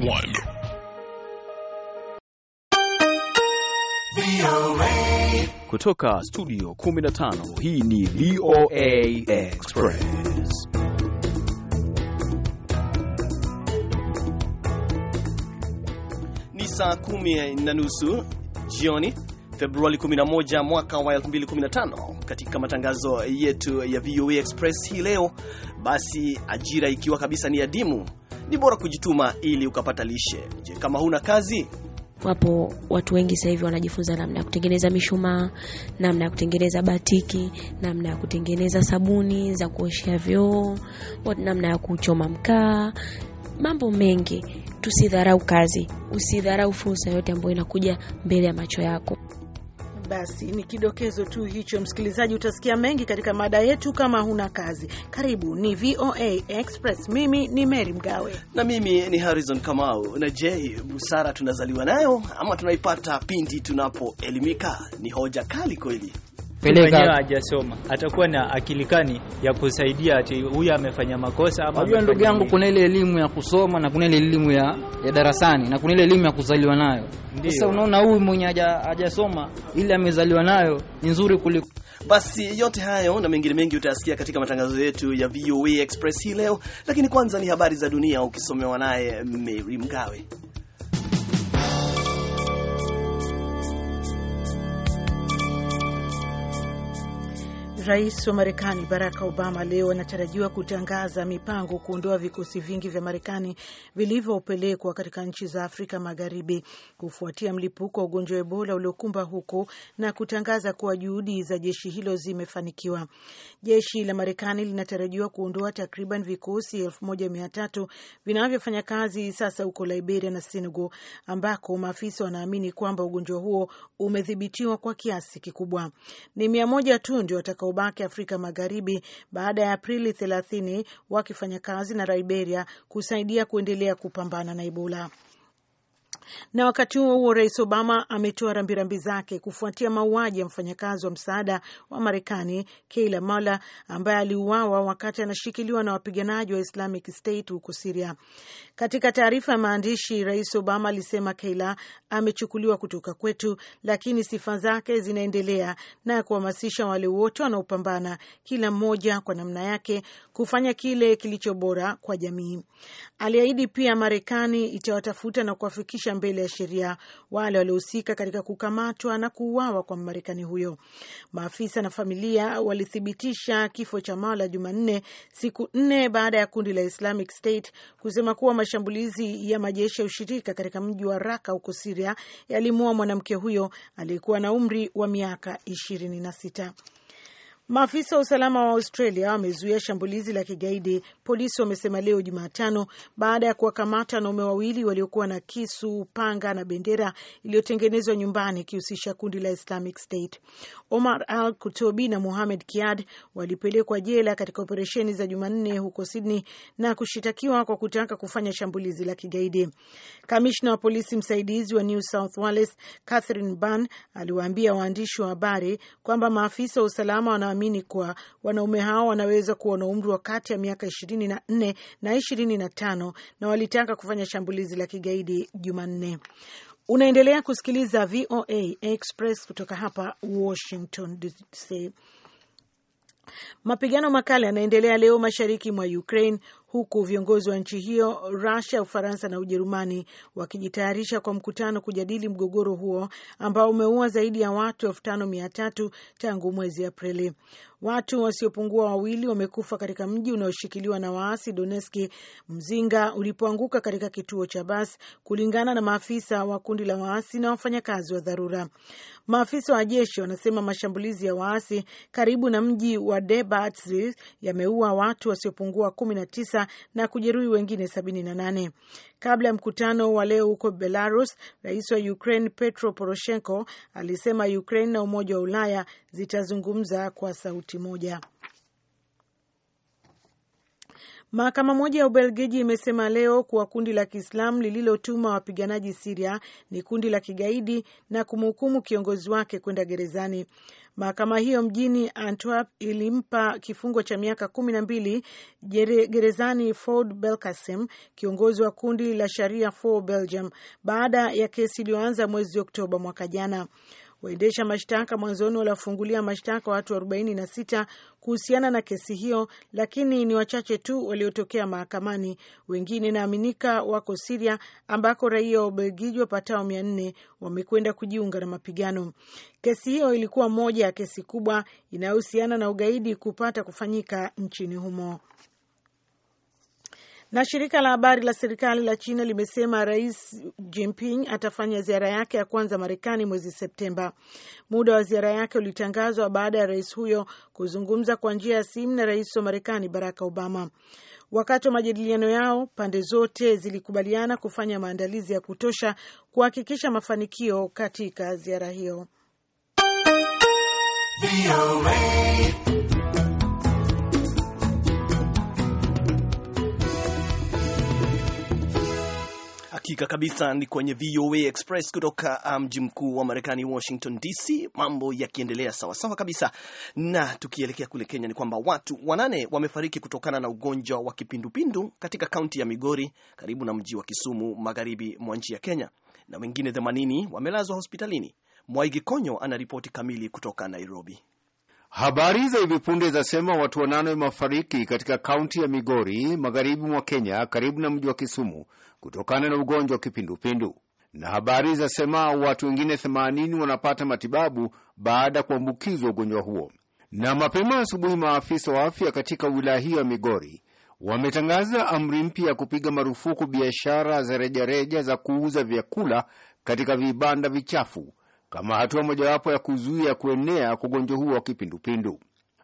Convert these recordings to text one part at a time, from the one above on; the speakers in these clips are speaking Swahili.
one. Kutoka studio 15 hii ni VOA Express. Ni saa kumi na nusu jioni Februari 11 mwaka wa 2015. Katika matangazo yetu ya VOA Express hii leo, basi ajira ikiwa kabisa ni adimu ni bora kujituma ili ukapata lishe. Je, kama huna kazi? Wapo watu wengi sasa hivi wanajifunza namna ya kutengeneza mishumaa, namna ya kutengeneza batiki, namna ya kutengeneza sabuni za kuoshea vyoo, namna ya kuchoma mkaa, mambo mengi. Tusidharau kazi, usidharau fursa yote ambayo inakuja mbele ya macho yako. Basi ni kidokezo tu hicho, msikilizaji. Utasikia mengi katika mada yetu kama huna kazi. Karibu ni VOA Express. Mimi ni Mary Mgawe na mimi ni Harrison Kamau. Na je, busara tunazaliwa nayo ama tunaipata pindi tunapoelimika? Ni hoja kali kweli peleka hajasoma atakuwa na akilikani ya kusaidia ati huyu amefanya makosa ama. Unajua ndugu yangu, kuna ile elimu ya kusoma na kuna ile elimu ya, ya darasani na kuna ile elimu ya kuzaliwa nayo. Sasa unaona huyu mwenye hajasoma ile amezaliwa nayo ni nzuri kuliko. Basi yote hayo na mengine mengi utayasikia katika matangazo yetu ya VOA Express hii leo, lakini kwanza ni habari za dunia ukisomewa naye Mary Mgawe. Rais wa Marekani Barack Obama leo anatarajiwa kutangaza mipango kuondoa vikosi vingi vya Marekani vilivyopelekwa katika nchi za Afrika Magharibi kufuatia mlipuko wa ugonjwa wa Ebola uliokumba huko na kutangaza kuwa juhudi za jeshi hilo zimefanikiwa. Jeshi la Marekani linatarajiwa kuondoa takriban vikosi elfu moja mia tatu vinavyofanya kazi sasa huko Liberia na Senegal, ambako maafisa wanaamini kwamba ugonjwa huo umedhibitiwa kwa kiasi kikubwa. Ni mia moja tu ndio watakaob kubaki Afrika Magharibi baada ya Aprili 30 wakifanya kazi na Liberia kusaidia kuendelea kupambana na Ebola. Na wakati huo huo, Rais Obama ametoa rambirambi zake kufuatia mauaji ya mfanyakazi wa msaada wa Marekani Kayla Mueller ambaye aliuawa wakati anashikiliwa na wapiganaji wa Islamic State huko Siria. Katika taarifa ya maandishi, Rais Obama alisema Kayla amechukuliwa kutoka kwetu, lakini sifa zake zinaendelea na kuhamasisha wale wote wanaopambana, kila mmoja kwa namna yake, kufanya kile kilicho bora kwa jamii. Aliahidi pia Marekani itawatafuta na kuwafikisha mbele ya sheria wale waliohusika katika kukamatwa na kuuawa kwa marekani huyo. Maafisa na familia walithibitisha kifo cha Mala Jumanne, siku nne baada ya kundi la Islamic State kusema kuwa mashambulizi ya majeshi ya ushirika katika mji wa Raka huko Siria yalimuua mwanamke huyo aliyekuwa na umri wa miaka ishirini na sita. Maafisa wa usalama wa Australia wamezuia shambulizi la kigaidi, polisi wamesema leo Jumatano, baada ya kuwakamata wanaume wawili waliokuwa na kisu, panga na bendera iliyotengenezwa nyumbani ikihusisha kundi la Islamic State. Omar Al kutobi na Muhamed Kiad walipelekwa jela katika operesheni za Jumanne huko Sydney na kushitakiwa kwa kutaka kufanya shambulizi la kigaidi. Kamishna wa polisi msaidizi wa New South Wales Catherine Ban aliwaambia waandishi wa habari kwamba maafisa wa usalama wana wanaamini kuwa wanaume hao wanaweza kuwa na umri wa kati ya miaka ishirini na nne na ishirini na tano na walitaka kufanya shambulizi la kigaidi Jumanne. Unaendelea kusikiliza VOA Express kutoka hapa Washington DC. Mapigano makali yanaendelea leo mashariki mwa Ukraine huku viongozi wa nchi hiyo rasia Ufaransa na Ujerumani wakijitayarisha kwa mkutano kujadili mgogoro huo ambao umeua zaidi ya watu elfu tano mia tatu tangu mwezi Aprili. Watu wasiopungua wawili wamekufa katika mji unaoshikiliwa na waasi Doneski, mzinga ulipoanguka katika kituo cha basi, kulingana na maafisa wa kundi la waasi na wafanyakazi wa dharura. Maafisa wa jeshi wanasema mashambulizi ya waasi karibu na mji wa Debaltseve yameua watu wasiopungua kumi na tisa tisa na kujeruhi wengine sabini na nane. Kabla ya mkutano wa leo huko Belarus, rais wa Ukraine Petro Poroshenko alisema Ukraine na Umoja wa Ulaya zitazungumza kwa sauti moja. Mahakama moja ya Ubelgiji imesema leo kuwa kundi la Kiislamu lililotuma wapiganaji Siria ni kundi la kigaidi na kumhukumu kiongozi wake kwenda gerezani. Mahakama hiyo mjini Antwerp ilimpa kifungo cha miaka kumi na mbili gerezani Ford belkasem kiongozi wa kundi la Sharia for Belgium, baada ya kesi iliyoanza mwezi Oktoba mwaka jana. Waendesha mashtaka mwanzoni waliwafungulia mashtaka watu 46 kuhusiana na kesi hiyo, lakini ni wachache tu waliotokea mahakamani. Wengine inaaminika wako Siria, ambako raia wa Ubelgiji wapatao 400 wamekwenda kujiunga na mapigano. Kesi hiyo ilikuwa moja ya kesi kubwa inayohusiana na ugaidi kupata kufanyika nchini humo. Na shirika la habari la serikali la China limesema Rais Jinping atafanya ziara yake ya kwanza Marekani mwezi Septemba. Muda wa ziara yake ulitangazwa baada ya rais huyo kuzungumza kwa njia ya simu na rais wa Marekani Barack Obama. Wakati wa majadiliano yao, pande zote zilikubaliana kufanya maandalizi ya kutosha kuhakikisha mafanikio katika ziara hiyo. Hakika kabisa ni kwenye VOA Express kutoka ah, mji um, mkuu wa Marekani, Washington DC, mambo yakiendelea sawasawa kabisa. Na tukielekea kule Kenya, ni kwamba watu wanane wamefariki kutokana na ugonjwa wa kipindupindu katika kaunti ya Migori, karibu na mji wa Kisumu, magharibi mwa nchi ya Kenya, na wengine 80 wamelazwa hospitalini. Mwaigi Konyo anaripoti kamili kutoka Nairobi. Habari za hivi punde zasema watu wanane wamefariki katika kaunti ya Migori, magharibi mwa Kenya, karibu na mji wa Kisumu kutokana na ugonjwa wa kipindupindu, na habari zasema watu wengine 80 wanapata matibabu baada ya kuambukizwa ugonjwa huo. Na mapema asubuhi, maafisa wa afya katika wilaya hiyo ya Migori wametangaza amri mpya ya kupiga marufuku biashara za rejareja za kuuza vyakula katika vibanda vichafu kama hatua mojawapo ya kuzuia kuenea kwa ugonjwa huo wa kipindupindu.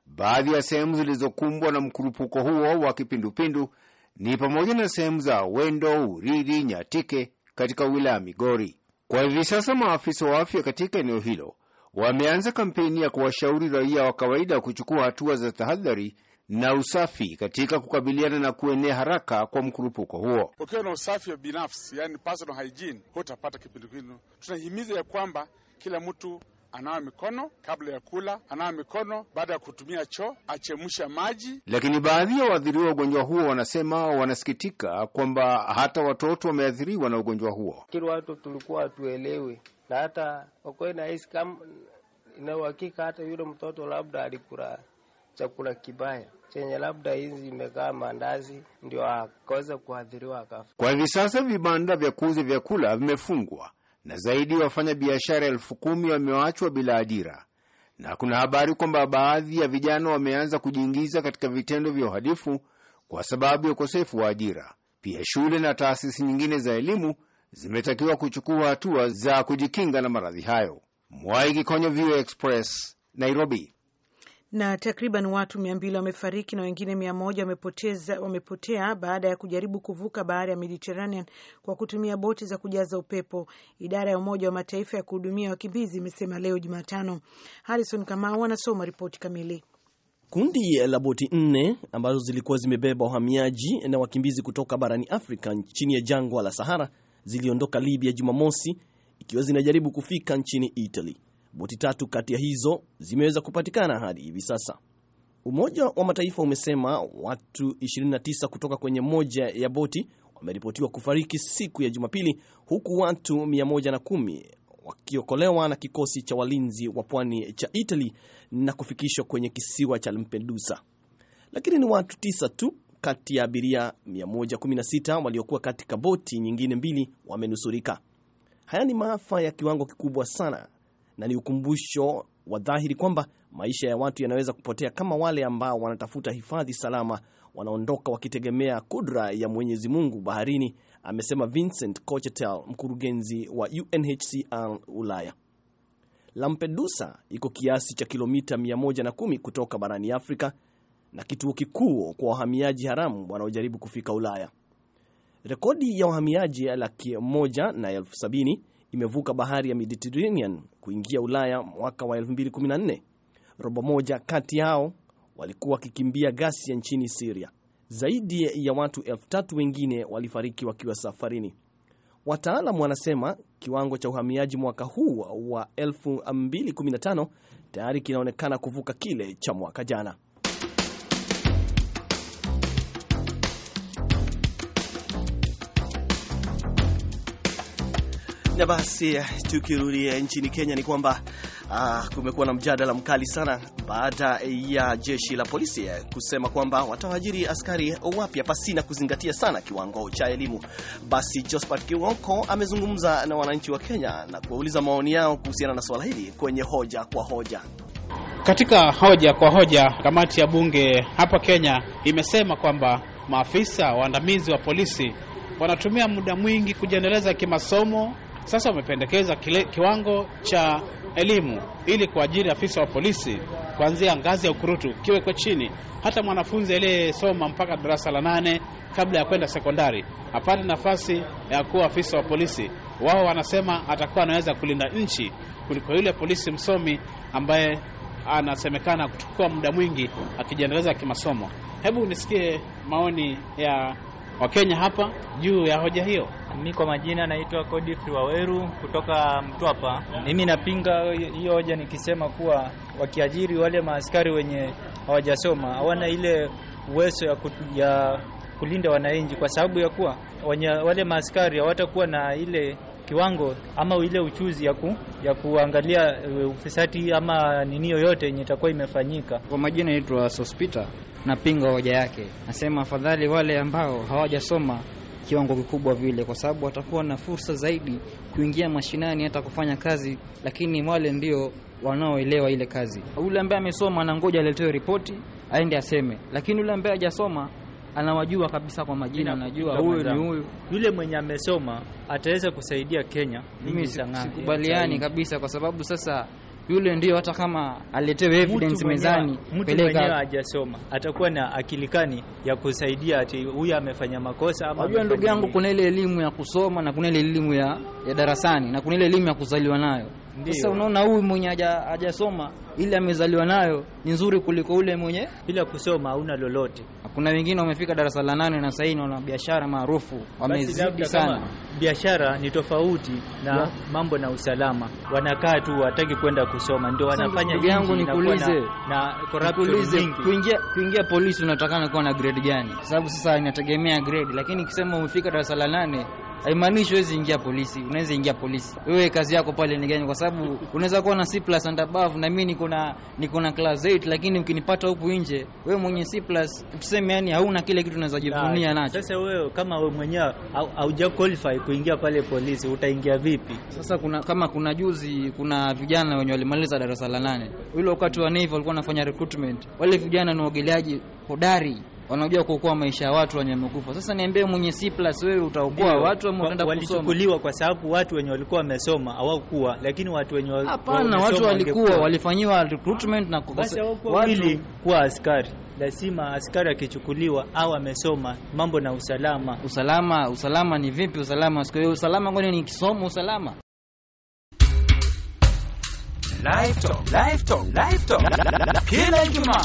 Baadhi ya sehemu zilizokumbwa na mkurupuko huo wa kipindupindu ni pamoja na sehemu za Wendo, Uriri, Nyatike katika wilaya Migori. Kwa hivi sasa maafisa wa afya katika eneo hilo wameanza kampeni ya kuwashauri raia wa kawaida kuchukua hatua za tahadhari na usafi katika kukabiliana na kuenea haraka kwa mkurupuko huo. Ukiwa na usafi wa binafsi, yani personal hygiene, hutapata kipindupindu. Tunahimiza ya kwamba kila mtu anawa mikono kabla ya kula, anawa mikono baada ya kutumia choo, achemsha maji. Lakini baadhi ya waathiriwa wa ugonjwa huo wanasema wanasikitika kwamba hata watoto wameathiriwa na ugonjwa huo. Kila watu tulikuwa hatuelewi, na hata na nahisi kama ina uhakika hata yule mtoto labda alikula chakula kibaya chenye labda hizi imekaa mandazi ndio akaweza kuathiriwa akafa. Kwa hivi sasa vibanda vya kuuza vyakula vimefungwa na zaidi ya wafanya biashara elfu kumi wameachwa bila ajira, na kuna habari kwamba baadhi ya vijana wameanza kujiingiza katika vitendo vya uhalifu kwa sababu ya ukosefu wa ajira. Pia shule na taasisi nyingine za elimu zimetakiwa kuchukua hatua za kujikinga na maradhi hayo. Mwai Kikonyo, VOA Express, Nairobi na takriban watu mia mbili wamefariki na wengine mia moja wamepotea baada ya kujaribu kuvuka bahari ya Mediterranean kwa kutumia boti za kujaza upepo. Idara ya Umoja wa Mataifa ya kuhudumia wakimbizi imesema leo Jumatano. Harrison Kamau anasoma ripoti kamili. Kundi la boti nne ambazo zilikuwa zimebeba wahamiaji na wakimbizi kutoka barani Afrika chini ya jangwa la Sahara ziliondoka Libya Jumamosi ikiwa zinajaribu kufika nchini Italy. Boti tatu kati ya hizo zimeweza kupatikana hadi hivi sasa. Umoja wa Mataifa umesema watu 29 kutoka kwenye moja ya boti wameripotiwa kufariki siku ya Jumapili, huku watu 110 wakiokolewa na kikosi cha walinzi wa pwani cha Italy na kufikishwa kwenye kisiwa cha Lampedusa, lakini ni watu 9 tu kati ya abiria 116 waliokuwa katika boti nyingine mbili wamenusurika. Haya ni maafa ya kiwango kikubwa sana na ni ukumbusho wa dhahiri kwamba maisha ya watu yanaweza kupotea kama wale ambao wanatafuta hifadhi salama wanaondoka wakitegemea kudra ya Mwenyezi Mungu baharini, amesema Vincent Cochetel, mkurugenzi wa UNHCR Ulaya. Lampedusa iko kiasi cha kilomita 110 kutoka barani Afrika na kituo kikuu kwa wahamiaji haramu wanaojaribu kufika Ulaya. Rekodi ya wahamiaji laki moja na elfu sabini imevuka bahari ya Mediterranean kuingia Ulaya mwaka wa 2014. Robo moja kati yao walikuwa wakikimbia ghasia nchini siria Zaidi ya watu elfu tatu wengine walifariki wakiwa safarini. wataalam wanasema kiwango cha uhamiaji mwaka huu wa 2015 tayari kinaonekana kuvuka kile cha mwaka jana. Na basi tukirudi nchini Kenya ni kwamba Ah, kumekuwa na mjadala mkali sana baada ya jeshi la polisi kusema kwamba watawajiri askari wapya pasina kuzingatia sana kiwango cha elimu. Basi Josephat Kiwoko amezungumza na wananchi wa Kenya na kuwauliza maoni yao kuhusiana na swala hili kwenye hoja kwa hoja. Katika hoja kwa hoja, kamati ya bunge hapa Kenya imesema kwamba maafisa waandamizi wa polisi wanatumia muda mwingi kujiendeleza kimasomo sasa wamependekeza kiwango cha elimu ili kuajiri afisa wa polisi kuanzia ngazi ya ukurutu kiwe kwa chini, hata mwanafunzi aliyesoma mpaka darasa la nane kabla ya kwenda sekondari apate nafasi ya kuwa afisa wa polisi. Wao wanasema atakuwa anaweza kulinda nchi kuliko yule polisi msomi ambaye anasemekana kuchukua muda mwingi akijiendeleza kimasomo. Hebu nisikie maoni ya wa kenya hapa juu ya hoja hiyo. Mi kwa majina naitwa Godfrey Waweru kutoka Mtwapa. Mimi napinga hiyo hoja nikisema kuwa wakiajiri wale maaskari wenye hawajasoma hawana ile uwezo ya, ya kulinda wananchi, kwa sababu ya kuwa wale maaskari hawatakuwa na ile kiwango ama ile uchuzi ya, ku, ya kuangalia e, ufisadi ama nini yoyote yenye itakuwa imefanyika. Kwa majina naitwa Sospita napinga hoja yake. Nasema afadhali wale ambao hawajasoma kiwango kikubwa vile, kwa sababu watakuwa na fursa zaidi kuingia mashinani, hata kufanya kazi, lakini wale ndio wanaoelewa ile kazi. Yule ambaye amesoma anangoja aletewe ripoti aende aseme, lakini yule ambaye hajasoma anawajua kabisa kwa majina, anajua huyu ni huyu. Yule mwenye amesoma ataweza kusaidia Kenya. Mimi sikubaliani kabisa, kwa sababu sasa yule ndio hata kama aletewe evidence mezani, mtu mwenyewe hajasoma atakuwa na akilikani ya kusaidia ati huyu amefanya makosa ama. Unajua ndugu yangu, kuna ile elimu ya kusoma na kuna ile elimu ya, ya darasani na kuna ile elimu ya kuzaliwa nayo. Sasa unaona huyu mwenye hajasoma ile amezaliwa nayo ni nzuri kuliko ule mwenye bila kusoma hauna lolote. Kuna wengine wamefika darasa la nane na sasa wana biashara maarufu, wamezidi sana. Biashara ni tofauti na yeah, mambo na usalama. Wanakaa tu wataki kwenda kusoma, ndio wanafanya. Ndugu yangu nikuulize, na corruption kuingia kuingia polisi unatakana kuwa na grade gani? Sababu sasa inategemea grade, lakini ukisema umefika darasa la nane haimaanishi huwezi ingia polisi, unaweza ingia polisi. Wewe kazi yako pale ni gani? Kwa sababu unaweza kuwa na C plus and above na mimi niko na niko na class 8, lakini ukinipata huku nje, wewe mwenye C plus tuseme, yani hauna kile kitu unaweza jivunia nacho. Sasa wewe kama wewe mwenyewe hauja qualify kuingia pale polisi, utaingia vipi? Sasa kuna kama kuna juzi, kuna vijana wenye walimaliza darasa la nane, ule wakati wa Navy walikuwa wanafanya recruitment, wale vijana ni waogeleaji hodari wanajua kuokoa maisha ya watu wenye wamekufa. Sasa niambie, mwenye C+ wewe utaokoa watu ama utaenda kusoma? Walichukuliwa kwa sababu watu wenye walikuwa wamesoma hawakuwa, lakini watu wenye hapana, watu walikuwa walifanyiwa recruitment na kukosa watu kuwa askari lazima askari akichukuliwa au amesoma mambo na usalama. Usalama, usalama ni vipi? Usalama siku hiyo, usalama kwani ni kisomo? Usalama live talk, live talk, live talk kila Ijumaa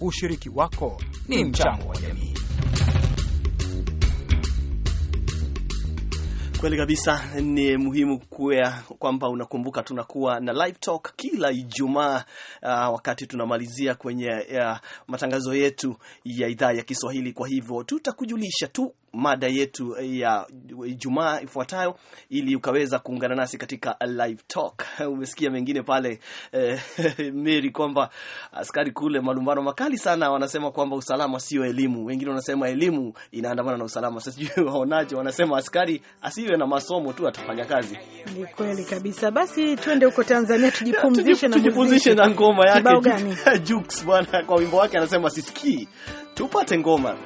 Ushiriki wako ni mchango wa jamii. Kweli kabisa, ni muhimu kuwa kwamba unakumbuka tunakuwa na live talk kila Ijumaa uh, wakati tunamalizia kwenye uh, matangazo yetu ya idhaa ya Kiswahili. Kwa hivyo tutakujulisha tu mada yetu ya Ijumaa ifuatayo, ili ukaweza kuungana nasi katika live talk. Umesikia mengine pale eh, Mary, kwamba askari kule, malumbano makali sana, wanasema kwamba usalama sio elimu, wengine wanasema elimu inaandamana na usalama. Sasa sijui waonaje, wanasema askari asiwe na masomo tu atafanya kazi. Ni kweli kabisa. Basi twende huko Tanzania tujipumzishe, tujipumzishe na ngoma yake Jux bwana, kwa wimbo wake anasema sisikii, tupate ngoma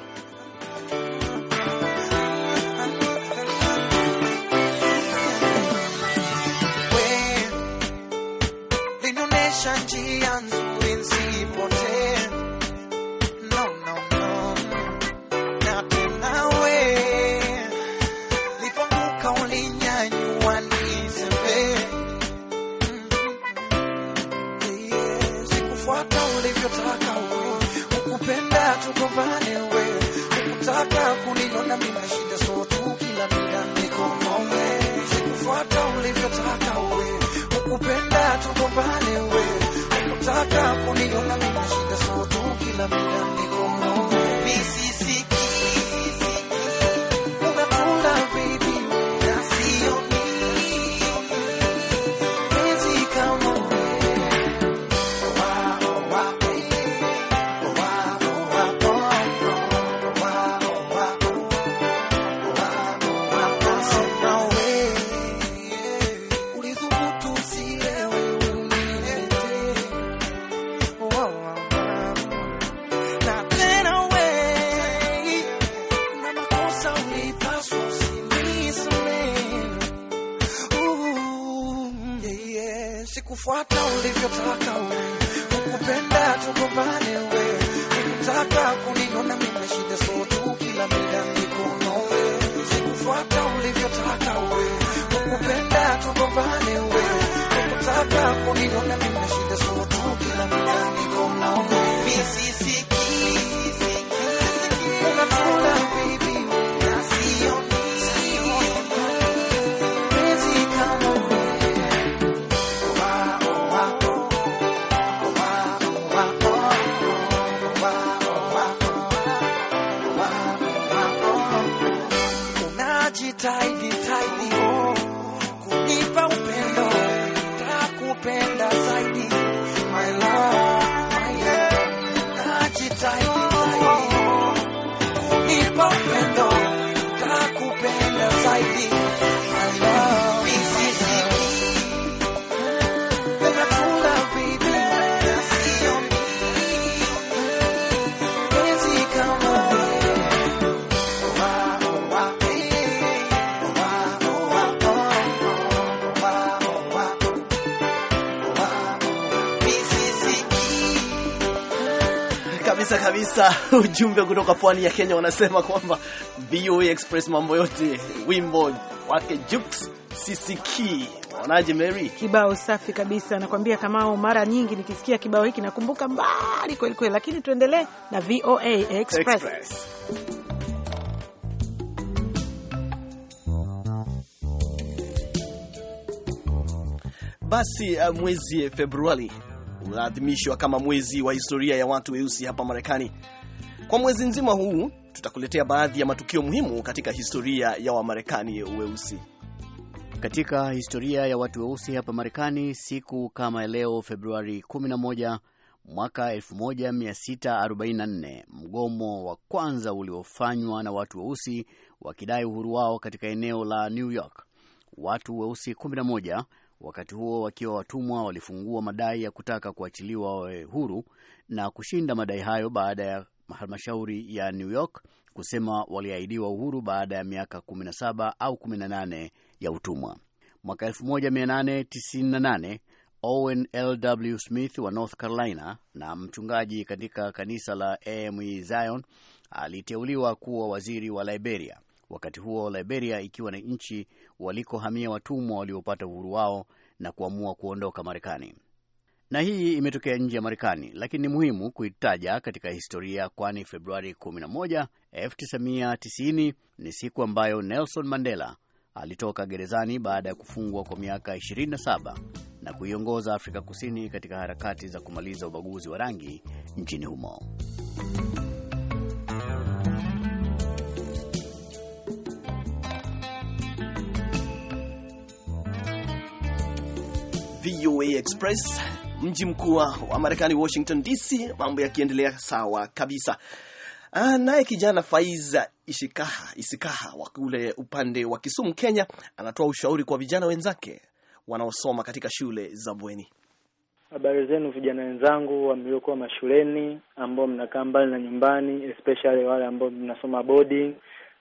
nataka ukupenda tugombane wewe kufuata ulivyotaka wewe, ukupenda tugombane wewe, nikutaka kunigona mimi shida sotu kila mida nikono wewe, sikufuata ulivyotaka wewe, ukupenda tugombane wewe, nikutaka kunigona mimi shida sotu kila mida nikono wewe, mimi sisikii unatuna baby kabisa ujumbe kutoka pwani ya Kenya wanasema kwamba VOA Express mambo yote, wimbo wake Jukes CCK. Unaonaje Mary? Kibao safi kabisa, nakwambia Kamao, mara nyingi nikisikia kibao hiki nakumbuka mbali kweli kweli, lakini tuendelee na VOA Express, Express. Basi uh, mwezi Februari unaadhimishwa kama mwezi wa historia ya watu weusi hapa Marekani. Kwa mwezi nzima huu tutakuletea baadhi ya matukio muhimu katika historia ya Wamarekani weusi. Katika historia ya watu weusi hapa Marekani, siku kama leo Februari 11 mwaka 1644, mgomo wa kwanza uliofanywa na watu weusi wakidai uhuru wao katika eneo la New York. Watu weusi 11 Wakati huo wakiwa watumwa, walifungua madai ya kutaka kuachiliwa wawe huru na kushinda madai hayo baada ya halmashauri ya New York kusema waliahidiwa uhuru baada ya miaka 17 au 18 ya utumwa. Mwaka 1898 Owen Lw Smith wa North Carolina na mchungaji katika kanisa la AME Zion aliteuliwa kuwa waziri wa Liberia, wakati huo Liberia ikiwa ni nchi walikohamia watumwa waliopata uhuru wao na kuamua kuondoka Marekani. Na hii imetokea nje ya Marekani, lakini ni muhimu kuitaja katika historia, kwani Februari 11, 1990 ni siku ambayo Nelson Mandela alitoka gerezani baada ya kufungwa kwa miaka 27 na kuiongoza Afrika Kusini katika harakati za kumaliza ubaguzi wa rangi nchini humo. VOA Express, mji mkuu wa Marekani, Washington DC, mambo yakiendelea sawa kabisa. Ah, naye kijana Faiza Ishikaha, Isikaha wa kule upande wa Kisumu, Kenya, anatoa ushauri kwa vijana wenzake wanaosoma katika shule za bweni. Habari zenu vijana wenzangu mliokuwa mashuleni, ambao mnakaa mbali na nyumbani, especially wale ambao mnasoma boarding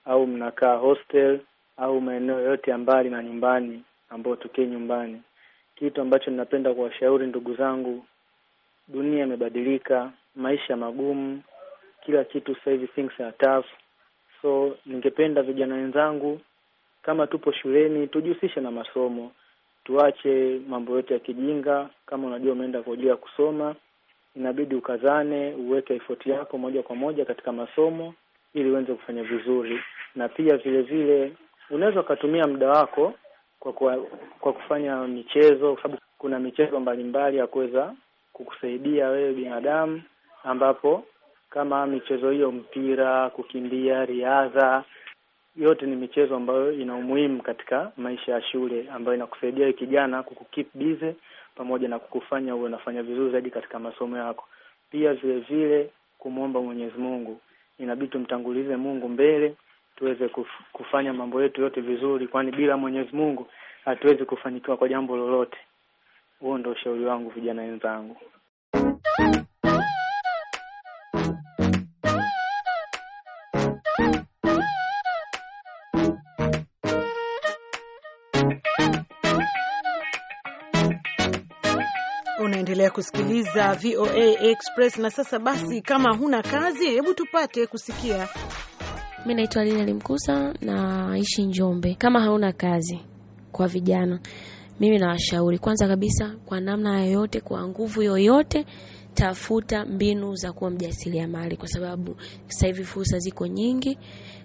au mnakaa hostel au maeneo yote ya mbali na nyumbani, ambao tukii nyumbani kitu ambacho ninapenda kuwashauri ndugu zangu, dunia imebadilika, maisha magumu, kila kitu sasa hivi things are tough. So ningependa vijana wenzangu, kama tupo shuleni, tujihusishe na masomo, tuache mambo yote ya kijinga. Kama unajua umeenda kwa ajili ya kusoma, inabidi ukazane, uweke effort yako moja kwa moja katika masomo ili uweze kufanya vizuri, na pia vile vile unaweza ukatumia muda wako kwa, kwa, kwa kufanya michezo, kwa sababu kuna michezo mbalimbali ya kuweza kukusaidia wewe binadamu, ambapo kama michezo hiyo, mpira, kukimbia, riadha, yote ni michezo ambayo ina umuhimu katika maisha ya shule, ambayo inakusaidia kijana kukukeep busy pamoja na kukufanya uwe unafanya vizuri zaidi katika masomo yako. Pia vile vile kumwomba Mwenyezi Mungu, inabidi tumtangulize Mungu mbele tuweze kufanya mambo yetu yote vizuri, kwani bila Mwenyezi Mungu hatuwezi kufanikiwa kwa jambo lolote. Huo ndio ushauri wangu vijana wenzangu. Unaendelea kusikiliza VOA Express. Na sasa basi, kama huna kazi, hebu tupate kusikia mimi naitwa Lina Limkusa na naishi Njombe. Kama hauna kazi kwa vijana, mimi nawashauri kwanza kabisa, kwa namna yoyote, kwa nguvu yoyote, tafuta mbinu za kuwa mjasiriamali, kwa sababu sasa hivi fursa ziko nyingi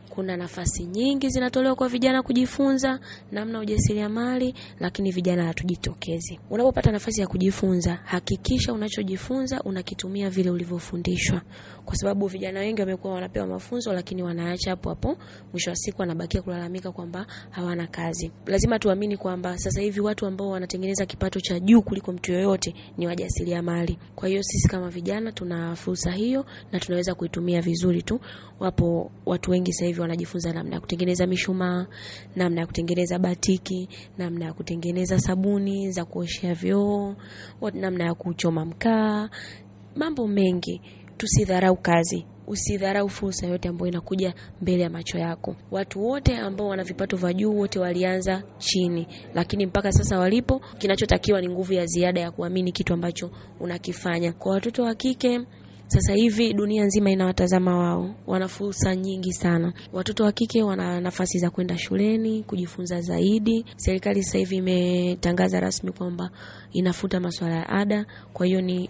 kuna nafasi nyingi zinatolewa kwa vijana kujifunza namna ujasiriamali, lakini vijana hatujitokezi. Unapopata nafasi ya kujifunza, hakikisha unachojifunza unakitumia vile ulivyofundishwa, kwa sababu vijana wengi wamekuwa wanapewa mafunzo lakini wanaacha hapo hapo. Mwisho wa siku wanabakia kulalamika kwamba hawana kazi. Lazima tuamini kwamba sasa hivi watu ambao wanatengeneza kipato cha juu kuliko mtu yoyote ni wajasiriamali. Kwa hiyo sisi kama vijana tuna fursa hiyo na tunaweza kuitumia vizuri tu. Wapo watu wengi sasa hivyo wanajifunza namna ya kutengeneza mishumaa, namna ya kutengeneza batiki, namna ya kutengeneza sabuni za kuoshea vyoo, namna ya kuchoma mkaa, mambo mengi. Tusidharau kazi, usidharau fursa yote ambayo inakuja mbele ya macho yako. Watu wote ambao wana vipato vya juu wote walianza chini, lakini mpaka sasa walipo, kinachotakiwa ni nguvu ya ziada ya kuamini kitu ambacho unakifanya. Kwa watoto wa kike sasa hivi dunia nzima inawatazama wao, wana fursa nyingi sana. Watoto wa kike wana nafasi za kwenda shuleni kujifunza zaidi. Serikali sasa hivi imetangaza rasmi kwamba inafuta masuala ya ada, kwa hiyo ni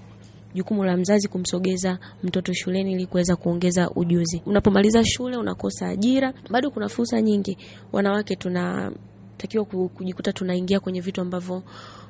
jukumu la mzazi kumsogeza mtoto shuleni ili kuweza kuongeza ujuzi. Unapomaliza shule unakosa ajira, bado kuna fursa nyingi. Wanawake tunatakiwa kujikuta tunaingia kwenye vitu ambavyo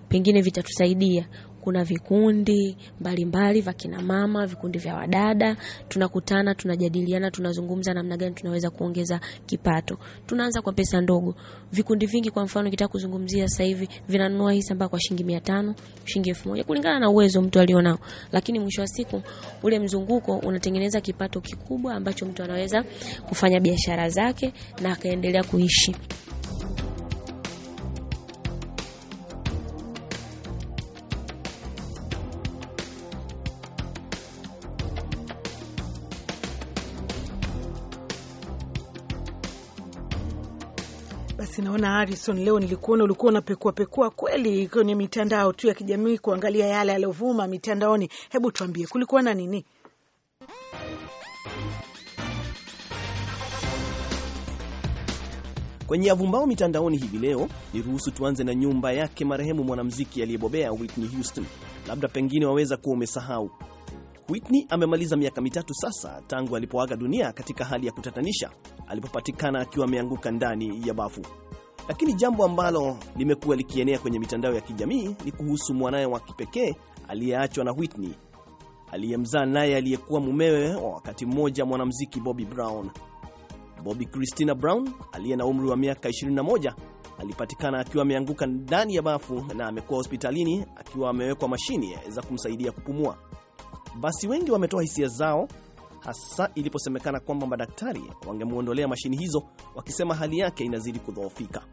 pengine vitatusaidia kuna vikundi mbalimbali vya kina mama, vikundi vya wadada, tunakutana, tunajadiliana, tunazungumza namna gani tunaweza kuongeza kipato. Tunaanza kwa pesa ndogo. Vikundi vingi kwa mfano kitaka kuzungumzia sasa hivi vinanunua hisa mpaka kwa shilingi 500, shilingi 1000 kulingana na uwezo mtu alionao. Lakini mwisho wa siku ule mzunguko unatengeneza kipato kikubwa ambacho mtu anaweza kufanya biashara zake na akaendelea kuishi. Basi naona Harrison, leo nilikuona ulikuwa unapekua pekua kweli kwenye mitandao tu ya kijamii kuangalia yale yaliyovuma mitandaoni. Hebu tuambie kulikuwa na nini? Kwenye avumbao mitandaoni hivi leo, ni ruhusu tuanze na nyumba yake marehemu mwanamuziki aliyebobea Whitney Houston. Labda pengine waweza kuwa umesahau, Whitney amemaliza miaka mitatu sasa tangu alipoaga dunia katika hali ya kutatanisha, alipopatikana akiwa ameanguka ndani ya bafu. Lakini jambo ambalo limekuwa likienea kwenye mitandao ya kijamii ni kuhusu mwanaye wa kipekee aliyeachwa na Whitney aliyemzaa naye aliyekuwa mumewe wa wakati mmoja mwanamuziki Bobby Brown. Bobby Christina Brown aliye na umri wa miaka 21 alipatikana akiwa ameanguka ndani ya bafu na amekuwa hospitalini akiwa amewekwa mashine za kumsaidia kupumua. Basi wengi wametoa hisia zao hasa iliposemekana kwamba madaktari wangemwondolea mashini hizo, wakisema hali yake inazidi kudhoofika.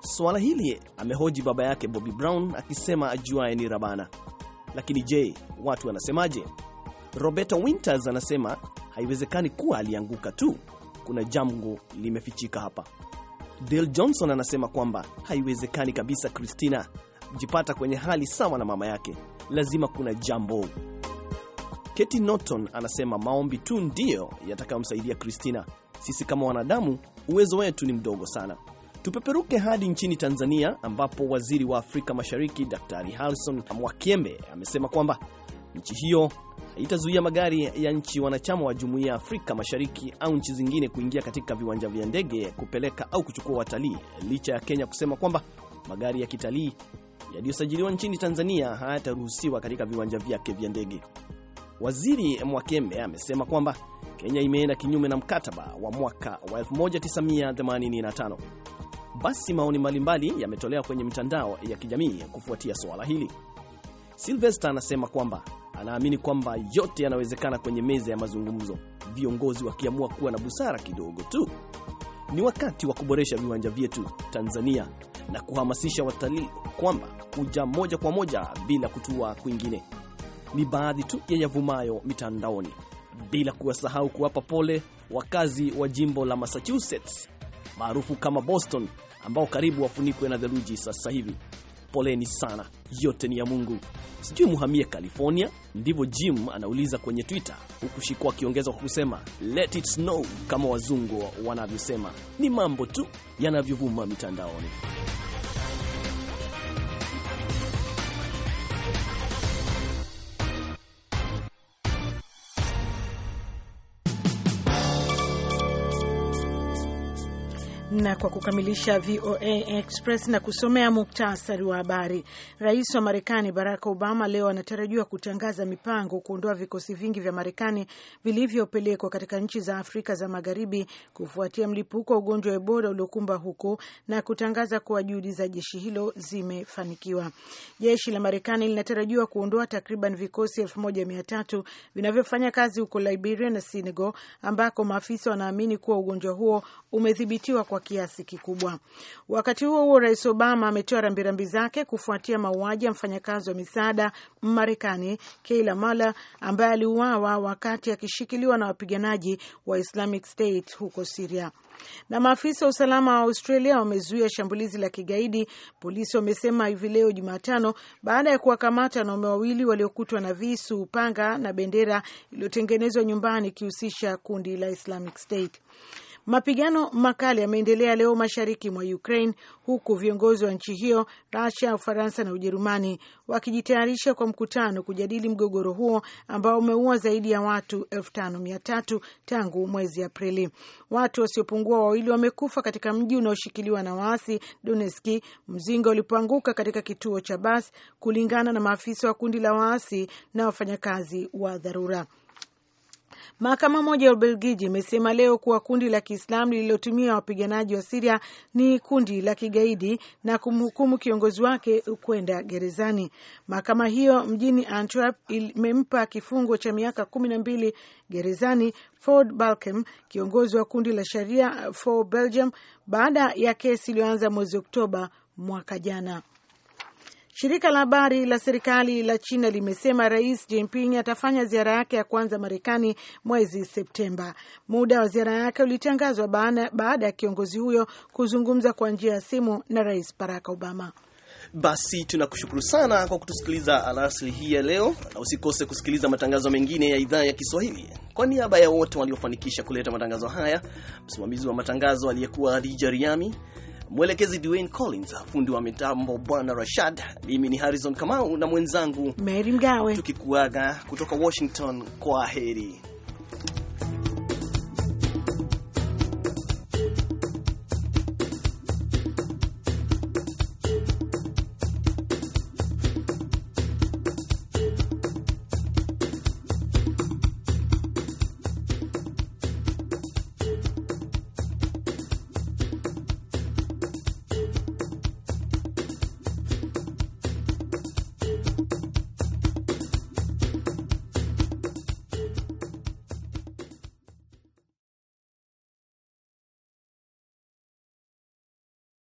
Swala hili amehoji baba yake Bobby Brown akisema ajuaye ni Rabana. Lakini je, watu wanasemaje? Roberta Winters anasema haiwezekani kuwa alianguka tu, kuna jambo limefichika hapa. Dale Johnson anasema kwamba haiwezekani kabisa Christina jipata kwenye hali sawa na mama yake, lazima kuna jambo Keti Norton anasema maombi tu ndiyo yatakayomsaidia kristina Sisi kama wanadamu uwezo wetu ni mdogo sana. Tupeperuke hadi nchini Tanzania ambapo waziri wa Afrika Mashariki Daktari Harrison Mwakyembe amesema kwamba nchi hiyo haitazuia magari ya nchi wanachama wa Jumuiya ya Afrika Mashariki au nchi zingine kuingia katika viwanja vya ndege kupeleka au kuchukua watalii, licha ya Kenya kusema kwamba magari ya kitalii yaliyosajiliwa nchini Tanzania hayataruhusiwa katika viwanja vyake vya ndege. Waziri Mwakembe amesema kwamba Kenya imeenda kinyume na mkataba wa mwaka wa 1985. Basi maoni mbalimbali yametolewa kwenye mitandao ya kijamii kufuatia suala hili. Silvester anasema kwamba anaamini kwamba yote yanawezekana kwenye meza ya mazungumzo, viongozi wakiamua kuwa na busara kidogo tu. Ni wakati wa kuboresha viwanja vyetu Tanzania na kuhamasisha watalii kwamba kuja moja kwa moja bila kutua kwingine ni baadhi tu ya yavumayo mitandaoni, bila kuwasahau kuwapa pole wakazi wa jimbo la Massachusetts maarufu kama Boston, ambao karibu wafunikwe na theluji sasa hivi. Poleni sana, yote ni ya Mungu. Sijui muhamie California, ndivyo Jim anauliza kwenye Twitter, huku Shiko akiongeza kwa kusema let it snow, kama wazungu wanavyosema. Ni mambo tu yanavyovuma mitandaoni. Na kwa kukamilisha VOA Express na kusomea muktasari wa habari. Rais wa Marekani Barack Obama leo anatarajiwa kutangaza mipango kuondoa vikosi vingi vya Marekani vilivyopelekwa katika nchi za Afrika za Magharibi kufuatia mlipuko wa ugonjwa wa Ebola uliokumba huko na kutangaza kuwa juhudi za jeshi hilo zimefanikiwa. Jeshi la Marekani linatarajiwa kuondoa takriban vikosi tatu vinavyofanya kazi huko Liberia na Senegal ambako maafisa wanaamini kuwa ugonjwa huo umedhibitiwa kwa kiasi kikubwa. Wakati huo huo, Rais Obama ametoa rambirambi zake kufuatia mauaji ya mfanyakazi wa misaada Mmarekani Kayla Mueller ambaye aliuawa wakati akishikiliwa na wapiganaji wa Islamic State huko Siria. Na maafisa wa usalama wa Australia wamezuia shambulizi la kigaidi, polisi wamesema hivi leo Jumatano, baada ya kuwakamata wanaume wawili waliokutwa na visu, upanga na bendera iliyotengenezwa nyumbani ikihusisha kundi la Islamic State. Mapigano makali yameendelea leo mashariki mwa Ukraine, huku viongozi wa nchi hiyo, rasia Ufaransa na Ujerumani wakijitayarisha kwa mkutano kujadili mgogoro huo ambao umeua zaidi ya watu elfu tano mia tatu tangu mwezi Aprili. Watu wasiopungua wawili wamekufa katika mji unaoshikiliwa na waasi doneski mzinga ulipoanguka katika kituo cha basi, kulingana na maafisa wa kundi la waasi na wafanyakazi wa dharura. Mahakama moja ya Ubelgiji imesema leo kuwa kundi la Kiislamu lililotumia wapiganaji wa Siria ni kundi la kigaidi na kumhukumu kiongozi wake kwenda gerezani. Mahakama hiyo mjini Antwerp imempa kifungo cha miaka kumi na mbili gerezani Ford Balkem, kiongozi wa kundi la Sharia for Belgium, baada ya kesi iliyoanza mwezi Oktoba mwaka jana. Shirika la habari la serikali la China limesema Rais Jinping atafanya ziara yake ya kwanza Marekani mwezi Septemba. Muda wa ziara yake ulitangazwa baada ya kiongozi huyo kuzungumza kwa njia ya simu na Rais Barack Obama. Basi tunakushukuru sana kwa kutusikiliza alasiri hii ya leo, na usikose kusikiliza matangazo mengine ya idhaa ya Kiswahili. Kwa niaba ya wote waliofanikisha kuleta matangazo haya, msimamizi wa matangazo aliyekuwa Hadija Riami, mwelekezi Dwayne Collins, fundi wa mitambo bwana Rashad, mimi ni Harrison Kamau na mwenzangu Mary Mgawe, tukikuaga kutoka Washington. Kwa heri.